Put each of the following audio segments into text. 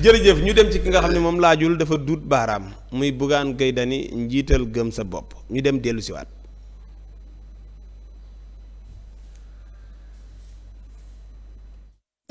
jërëjëf ñu dem ci ki nga xam ne moom laajul dafa duut baaraam muy Bougane Gueye Dany njiital gëm sa bopp ñu dem dellu siwaat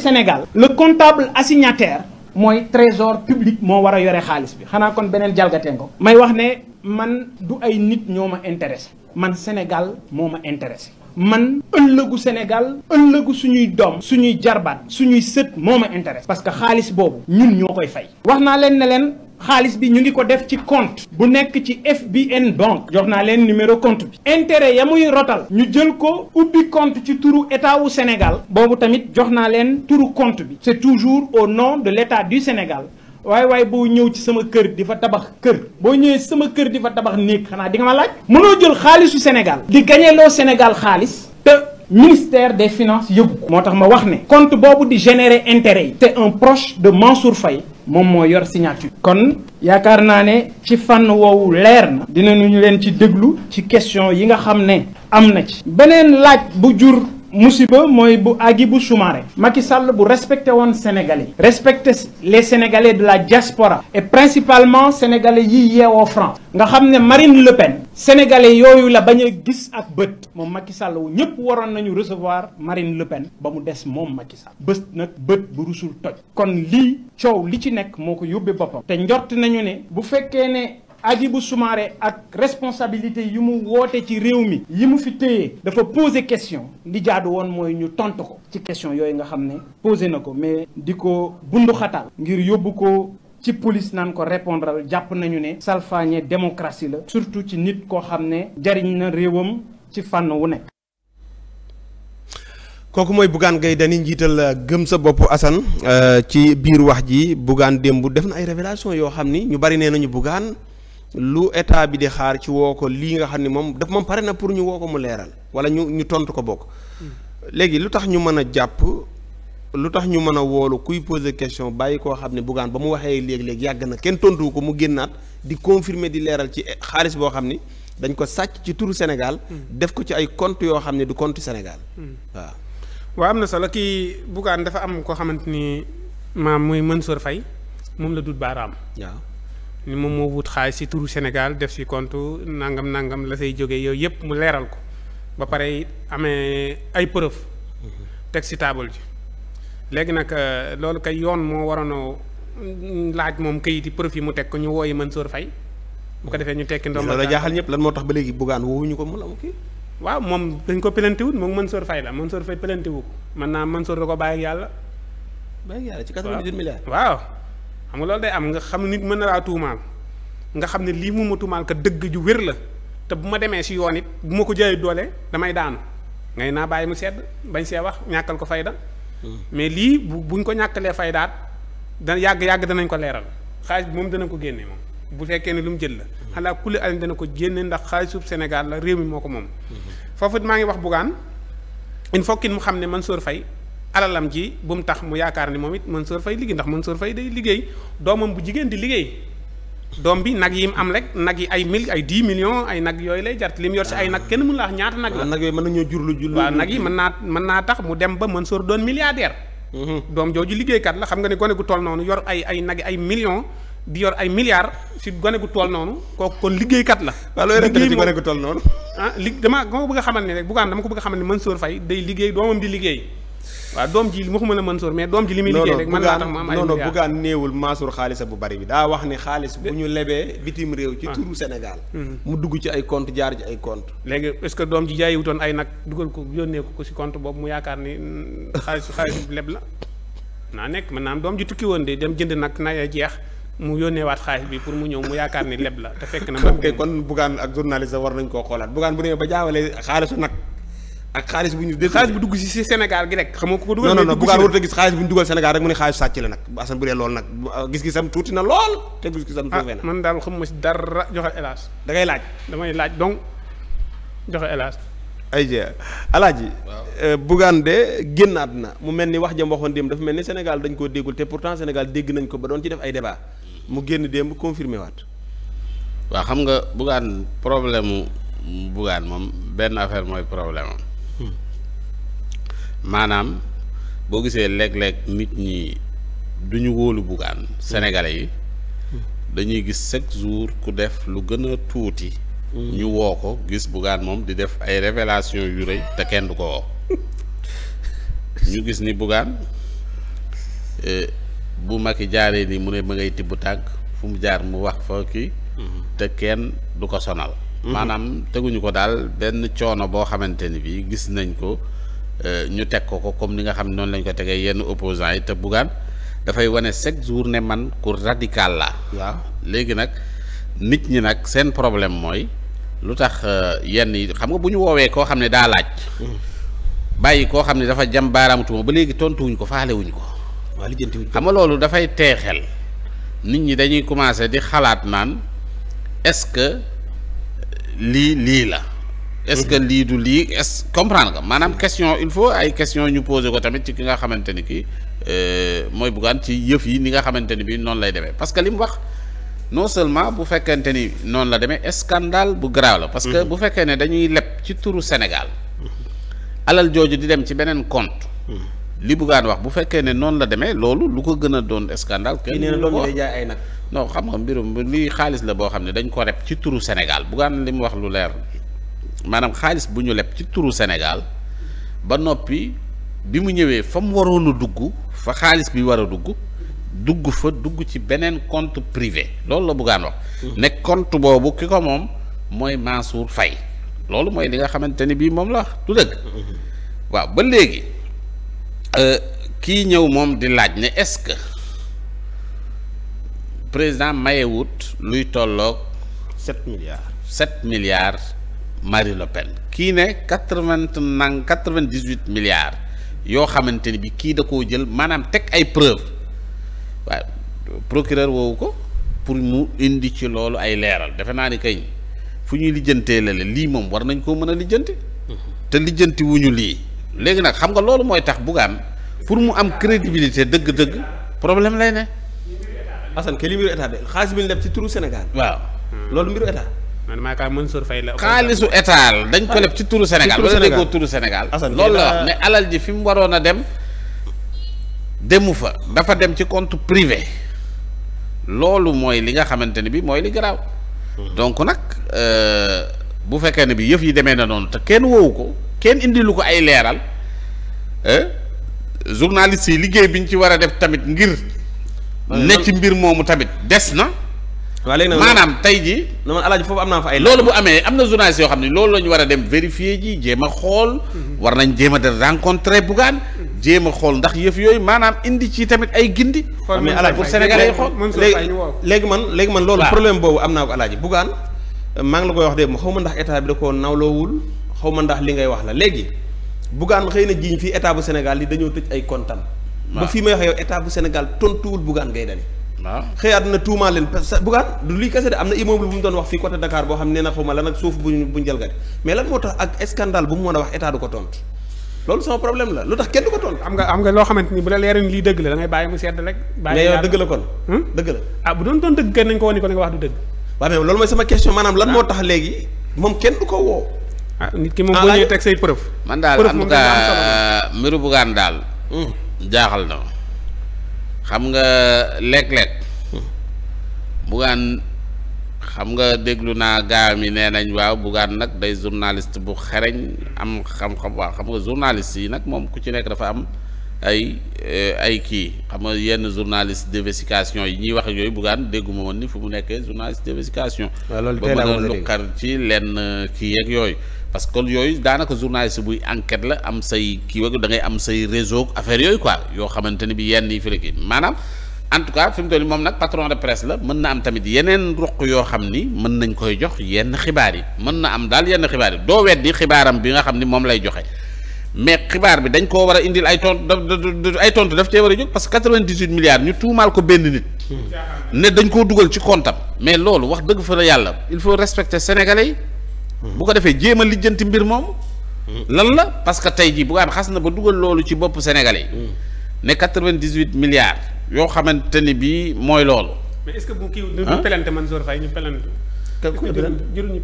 Sénégal la comptable assignataire mooy trésor public moo war a yore xaalis bi xanaa kon beneen jalgatee ko may wax ne man du ay nit ñoo ma intéressé man Sénégal moo ma intéressé man ëllëgu Sénégal ëllëgu suñuy doom suñuy jarbaat suñuy sët moom a intéresse parce que xaalis boobu ñun ñoo koy fay wax naa leen ne leen xaalis bi ñu ngi ko def ci compte bu nekk ci FBN banque jox naa leen numéro compte bi intérêt ya muy rotal ñu jël ko ubbi compte ci tour état wu Sénégal boobu tamit jox naa leen turu compte bi c'est toujours au non de l'état du Sénégal waaye waaye boo ñëw ci sama kër di fa tabax kër boo ñëwee sama kër di fa tabax néeg xanaa di nga ma laaj mënoo jël xaalisu Sénégal di gañeloo Sénégal xaalis te ministère des finances yëgu ko moo tax ma wax ne compte boobu di générer intérêt yi te un proche de Mansour fay moom moo yor signature kon yaakaar naa ne ci fànn woowu leer na dina dinañu leen ci déglu ci question yi nga xam ne am na ci beneen laaj bu jur musiba mooy bu agi bu Soumaré Macky Sall bu respecté woon Sénégalais respecte respecté les Sénégalais de la diaspora et principalement Sénégalais yi yeewoo France nga xam ne Marine Le Pen Sénégalais yooyu la bañ a gis ak bët moom Macky Sall wu ñëpp waroon nañu recevoir Marine Le Pen ba mu des moom Macky Sall bés nag bët bu rusul toj kon lii coow li ci nekk moo ko yóbbee boppam te njort nañu ne bu fekkee ne Hadjibou Soumaré ak responsabilité yu mu woote ci réew mi yi mu fi téye dafa poser question li jaadu woon mooy ñu tontu ko ci question yooyu nga xam ne posé na ko mais di ko bunduxatal ngir yóbbu ko ci police naan ko répondral jàpp nañu ne salfaañe démocratie la surtout ci nit koo xam ne jariñ na réewam ci fànn wu nekk kooku mooy Bougane Gueye Dany njiital euh, gëm sa bopp Assane euh, ci biir wax ji Bougane démb def na ay révélation yoo xam ni ñu bari nee nañu Bougane lu état bi di xaar ci woo ko lii nga xam ne moom daf moom pare na pour ñu woo ko mu leeral wala ñu ñu tontu ko bokk. léegi lu tax ñu mën a jàpp lu tax ñu mën a woolu kuy pose question bàyyi koo xam ne buggaan ba mu waxee léeg-léeg yàgg na kenn tontu ko mu génnaat di confirmer di leeral ci xaalis boo xam ni dañ ko sàcc ci turu Sénégal. def ko ci ay compte yoo xam ne du compte Sénégal. waa am na solo kii Bougane dafa am koo xamante ni maam muy Mansour Faye moom la dut baaraam. ni moom moo wut xaalis ci turu Sénégal def si kont nangam nangam la say jógee yooyu yëpp mu leeral ko ba pare amee ay preuve teg ci table ji léegi nag euh, loolu kay yoon moo waroon laaj moom kayit yi preuve yi mu teg ko ñu wooyi soor fay bu ko defee ñu tekki ndomba la jaaxal ñëpp lan moo tax ba léegi buggaan bugaan woowuñu ko mu la kii waaw moom dañ ko pelante wut moom soor fay la Mansour Faye pelante wu ko man naa Mansour da ko bàyyi yàlla bàyyi yàlla ci xam nga loolu day am nga xam nit mën na laa tuumaal nga xam ne lii mu ma tuumaal ka dëgg ju wér la te bu ma demee si yoon it bu ma ko jaay doole damay daanu ngay naa bàyyi mu sedd bañ see wax ñàkkal ko fayda hmm. mais lii bu buñ ko ñàkkalee faydaat da yàgg-yàgg danañ ko leeral xaalis bi moom dana ko génne moom bu fekkee ne lu mu jël la hmm. xalaa kulli alin dana ko génne ndax xaalisub Sénégal la réew mi moo ko moom hmm. foofu maa ngi wax buggaan il faut mu xam ne Mansour Faye alalam ji bu mu tax mu yaakaar ni moom it Mansour Faye liggéey ndax Mansour Faye liggéey doomam bu jigéen di liggéey doom bi nag yi mu am rek nag yi ay mil ay dix millions ay nag yooyu lay jar li mu yor si ay nag kenn mënu la wax ñaata nag la nag yooyu mën jur lu jur waaw nag yi mën naa mën naa tax mu dem ba Mansour doon milliardaire mm-hmm. doom jooju liggéeykat la xam nga ne gone gu toll noonu yor ay ay nag ay millions di yor ay milliards si gone gu toll noonu kooku kon liggéeykat la waaw looy rek ci gone gu toll noonu ah li dama ko bëgg a day liggéey doomam di liggéey waaw doom ji waxuma la Mansour mais doom ji li muy liggéey rek man laa tax ma am ay non non bugaan xaalisa bu bari bi daa wax ni xaalis bu ñu lebee bitim réew ci ah. turu senegal mhm. mu dugg ci ay compte jaar ci ay compte léegi est-ce que doom ji jaayiwutoon ay nag dugal ko yónnee ko si compte boobu mu yaakaar ni xaalis xaalis leb la naa nekk mën naa am doom ji tukki woon de dem jënd nag na jeex mu waat xaalis bi pour mu ñëw mu yaakaar ni leb la te fekk na. ok kon bugaan ak journaliste war nañ koo xoolaat bugaan bu demee ba jaawale xaalisu nag. ak xaalis bu ñu dégg xaalis bu dugg si Sénégal gi rek xam nga ku ko dugal non non Bougane warut a gis xaalis bu ñu dugal Sénégal rek mu ne xaalis sàcc la nag Assane bu dee loolu nag gis-gisam tuuti na lool te gis-gisam suufee ah, na man daal xam ma si dara joxe hélas da ngay laaj damay laaj donc joxe hélas ay jé alaaji euh, Bougane de génnaat na mu mel ni wax jam waxoon démb dafa mel ni Sénégal dañ koo déggul te pourtant Sénégal dégg nañ ko ba doon ci def ay débat mu génn démb confirmé waat waaw xam nga Bougane problème Bougane moom benn affaire mooy problème am maanaam boo gisee léeg-léeg nit ñi duñu wóolu bugaan sénégalais yi dañuy gis chaque jour ku def lu gën a tuuti ñu woo ko gis bugaan moom di def ay révélation yu rëy te kenn du ko woo ñu gis ni bugaan eh, bu Macky jaaree nii mu ne ma ngay tibb tànk fu mu jaar mu wax fa kii te kenn du ko sonal mhm. maanaam teguñu ko daal benn coono boo xamante ni bii gis nañ ko Euh, ñu teg ko ko comme ni nga xam ne noonu lañ ko tegee yenn opposants yi te Bougane dafay wane chaque jour ne man ku radical la waa léegi nag nit ñi nag seen problème mooy lu tax euh, yenn yi xam nga bu ñu woowee koo xam ne daa laaj hmm. bàyyi koo xam ne dafa jam baaraam ba léegi tontuwuñ ko faalewuñ ko xam nga loolu dafay teexel nit ñi dañuy commencé di xalaat naan est-ce que euh, lii lii la est-ce que lii du lii est-ce comprendre nga maanaam question il faut ay question ñu posé ko tamit ci ki nga xamante ni kii euh, mooy buggaan ci yëf yi ni nga xamante ni bii noonu lay demee parce que li mu wax non seulement bu fekkente ni noonu la demee scandale bu grave la. parce que mm-hmm. bu fekkee ne dañuy leb ci turu Sénégal alal jooju di dem ci beneen compte. Mm-hmm. li buggaan wax bu fekkee ne noonu la demee loolu lu ko gën a doon scandale. kenn du jaay ay nag. non xam nga mbirum lii xaalis la boo xam ne dañ ko rep ci turu Sénégal buggaan li mu wax lu leer. maanaam xaalis bu ñu leb ci turu Sénégal ba noppi bi mu ñëwee fa mu waroon dugg fa xaalis bi war a dugg dugg fa dugg ci beneen compte privé loolu la bëggaan wax mm-hmm. ne compte boobu ki ko moom mooy Mansour Faye loolu mooy li nga xamante ni bii moom la du dëgg mm-hmm. waaw ba léegi euh, kii ñëw moom di laaj ne est-ce que président mayewut luy tolloog sept milliards sept milliards Marie Le Pen kii ne quatre-vingt nang quatre-vingt-dix-huit milliards yoo xamante ni bi kii da koo jël maanaam teg ay preuve waaye procureur woowu ko pour mu indi ci loolu ay leeral defe naa ni kañ fu ñuy lijjantee la lii moom war nañ koo mën a lijjanti te lijjanti lii léegi nag xam nga loolu mooy tax Bougane pour mu am crédibilité dëgg-dëgg problème lay ne Assane ke li mbiru état de xaalis bi ñu leb ci turu Sénégal waaw loolu mbiru état man maakaar Mansour Faye la. xaalisu état dañ ko leb ci turu Sénégal ci turu Sénégal déggoo turu Sénégal. loolu la wax mais alal ji fi mu waroon a dem demu fa dafa dem ci compte privé loolu mooy li nga xamante ne bi mooy li garaaw. Hmm. donc nag euh, bu fekkee ne bi yëf yi demee na noonu te kenn woowu ko kenn indilu ko ay leeral euh, journaliste yi liggéey bi ñu ci war a def tamit ngir. ne ci mbir moomu tamit des na. waaw nag maanaam tey ji non man alaaji foofu am naa fa ay. loolu bu amee am na journaliste yoo xam ne loolu la war a dem vérifier ji jéem a xool. Mhm. war nañ jéem a de rencontrer Bougane. jéem a xool ndax yëf yooyu maanaam indi ci tamit ay gindi. xool mais alaaji pour Sénégalais yi xool léegi léegi man léegi man loolu problème boobu am naa ko alaaji Bougane maa ngi la koy wax de xaw ma ndax état bi da koo nawloowul xaw ma ndax li ngay wax la léegi Bougane xëy na jiiñ fii état bu Sénégal yi dañoo tëj ay kontaan. ba fii may wax yow état bu Sénégal tontuwul Bougane Gueye Dany waaw xëyaat na tuumaa leen parce que bugaan du luy kese de am na immeuble bu mu wax fii côté Dakar boo xam ne na xaw ma lan ak suuf buñ buñ jalgati mais lan moo tax ak scandale bu mu mën a wax du lu tax kenn du ko tontu. am nga am nga ni bu la leeroon lii dëgg la da ngay bàyyi mu sedd rek. bàyyi mais yow dëgg la kon. Hmm? dëgg la ah, ko wane ko nga wax du dëgg. waaw mais loolu mooy sama question maanaam lan ah. moo tax léegi moom kenn du ko woo. ah nit ki moom ah, boo ñëwee teg say preuve. man daal en tout cas euh, mbiru bugaan daal hmm. jaaxal na xam nga léeg-léeg bugaan xam nga déglu naa gaa mi nee nañ waaw bugaan nag day journaliste bu xereñ am xam-xam waaw xam nga journaliste yi nag moom ku ci nekk dafa am ay eh, ay kii xam nga yenn journaliste d'investigation yi ñuy wax yooyu buggaan dégguma woon ni fu mu nekkee journaliste d'investigation ah, ba mën a lukkar ci lenn eh, kii yeeg yooyu parce que yooyu daanaka journaliste buy enquête la am say kii wag da ngay am say réseau affaire yooyu quoi yoo xamante ni bi yenn yi fi la maanaam en tout cas fi mu toll moom nag patron de presse la mën na am tamit yeneen ruq yoo xam ni mën nañ koy jox yenn xibaar yi mën na am daal yenn xibaar yi doo weddi xibaaram bi nga xam ni moom lay joxe mais xibaar bi dañ ko war a indil ay tontu ay tontu daf cee war a jóg parce que quatre-vingt-dix-huit milliards ñu tuumaal ko benn nit. ne dañ koo dugal ci kontam. mais loolu wax dëgg fa la yàlla il faut respecter sénégalais yi. bu ko defee jéem a lijjanti mbir moom. lan la parce que tey jii bu gaan xas na ba dugal loolu ci bopp sénégalais yi. ne quatre-vingt-dix-huit milliards yoo xamante ni bii mooy loolu. mais est-ce que bu kan ku la pelante jëruñu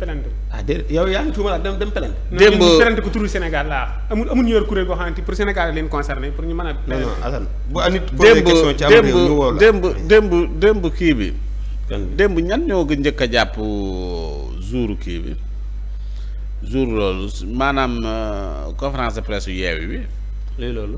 yow yaa ngi tuumalaat dem dem pelante démb pelante ko turu Sénégal laa amul amul ñu yor kuréel boo pour Sénégal leen concerné pour ñu mën a non non Assane bu am nit posé question ci am réew ñu démb démb kii bi démb ñan ñoo gën njëkk a jàpp euh, jour kii bi jour loolu maanaam euh, conférence de presse yu yeewi bi loolu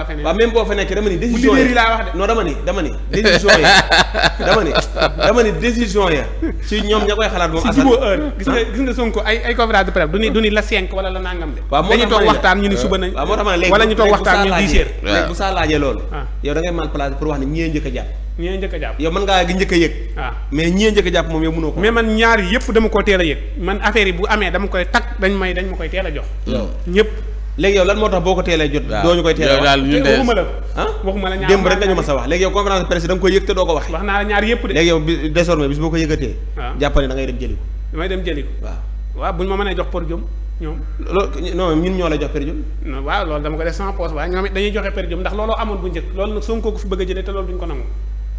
laa fa boo fa nekkee dama ni décision ya dama ni décision ya ci ñoom ña koy xalaat moom asal si jubóo gis nga ah. gis nga Sonko ay ay du ni la cinq wala la nangam de waaw moo tax ma léegi wala ñu ah. a jàpp ñee njëkk a jàpp yow mën ngaa gi njëkk a yëg waaw ah. mais ñee njëkk a jàpp moom yow man ñaar yëpp dama ko teel yëg man affaire yi bu amee dama koy tag dañ may dañ ma koy teel jox ñëpp léegi yow lan moo tax boo ko teelee jot doo ñu koy teelee wax waxuma la ah waxuma la ñaar démb rek dañu ma sa wax léegi yow conférence de presse dem jëli ko dem jëli ko waaw waaw buñ ma mënee jox por jom ñoom loolu non ñun ñoo lay jox per jom waaw loolu dama ko def sans poste waaye dañuy joxe per jom ndax looloo amoon bu njëkk loolu nag ko fi bëgg a jëlee te loolu duñ ko nangu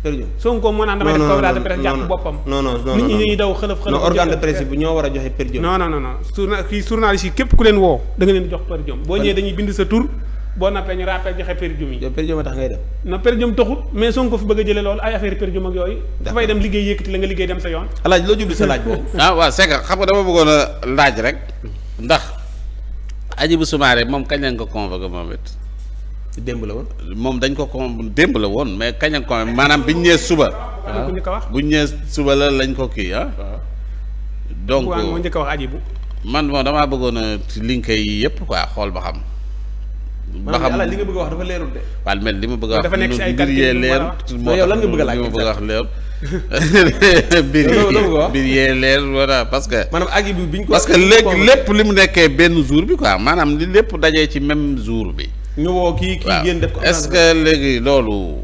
jërëjëf Sonko moo naan damay def conférence de presse jàpp boppam non non non nit ñi ñuy daw xëlëf xëlëf organe de presse bi ñoo war a joxe per diem non non non non journa kii journaliste yi képp ku leen woo da nga leen jox per diem boo ñëwee dañuy bind sa tur boo nappee ñu rappel joxe per diem yi per diem a tax ngay dem non per diem taxut mais Sonko fi bëgg a jëlee loolu ay affaire per diem ak yooyu dafay dem liggéey yëkkati la nga liggéey dem sa yoon alaaj loo jubli sa laaj boobu ah waaw c'est que xam nga dama bëggoon a laaj rek ndax Hadjibou Soumaré moom kañ lañ ko convoqué moom it démb la woon. moom dañ ko ko démb la woon mais kañ ak ko maanaam biñ ñëwee suba. Ah. buñ ñëwee suba la lañ ko kii ah. ah. donc moo wax aji bu man moom damaa bëggoon a liñ koy yëpp quoi xool ba xam. ba xam li nga bëgg a leerul de. waaw mel li ma bëgg a wax. dafa nekk si leer moo yow bëgg a a wax leer. biir yi biir yee leer voilà parce que. maanaam aji bi biñ parce que léegi lépp li mu nekkee benn jour bi quoi maanaam li lépp dajee ci même jour bi. ñu woo kii kii génn def ko est-ce que léegi loolu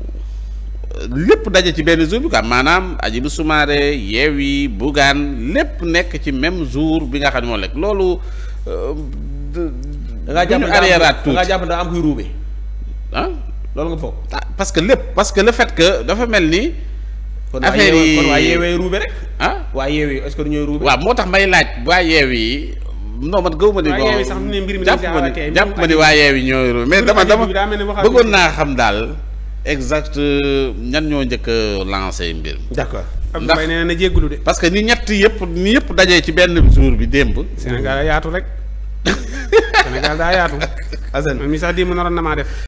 lépp daje ci benn jour bi quoi maanaam Hadjibou Soumaré Yewwi Bougane lépp nekk ci même jour bi nga xam ne moo lekk loolu. Euh, da ngaa jàpp da jàpp da am kuy ruube ah loolu nga foog. ah que lépp parce que le fait que dafa mel ni. affaire yi waa yeewee ruube rek. waa yeewee est-ce que du ñooy ruube. waaw moo tax may laaj waa yeewee. non man gëw ma ni. waaye sax mbir mi jàpp ma ni jàpp ma ni waa yeewi ñoo mais dama dama bëggoon naa xam daal exact euh, ñan ñoo njëkk a lancé mbir mi. d'accord ndax na parce que ni ñett yëpp ni yëpp dajee ci benn jour bi démb. Sénégal yaatu rek Sénégal daa yaatu. Assane mi sax démb naroon na maa def.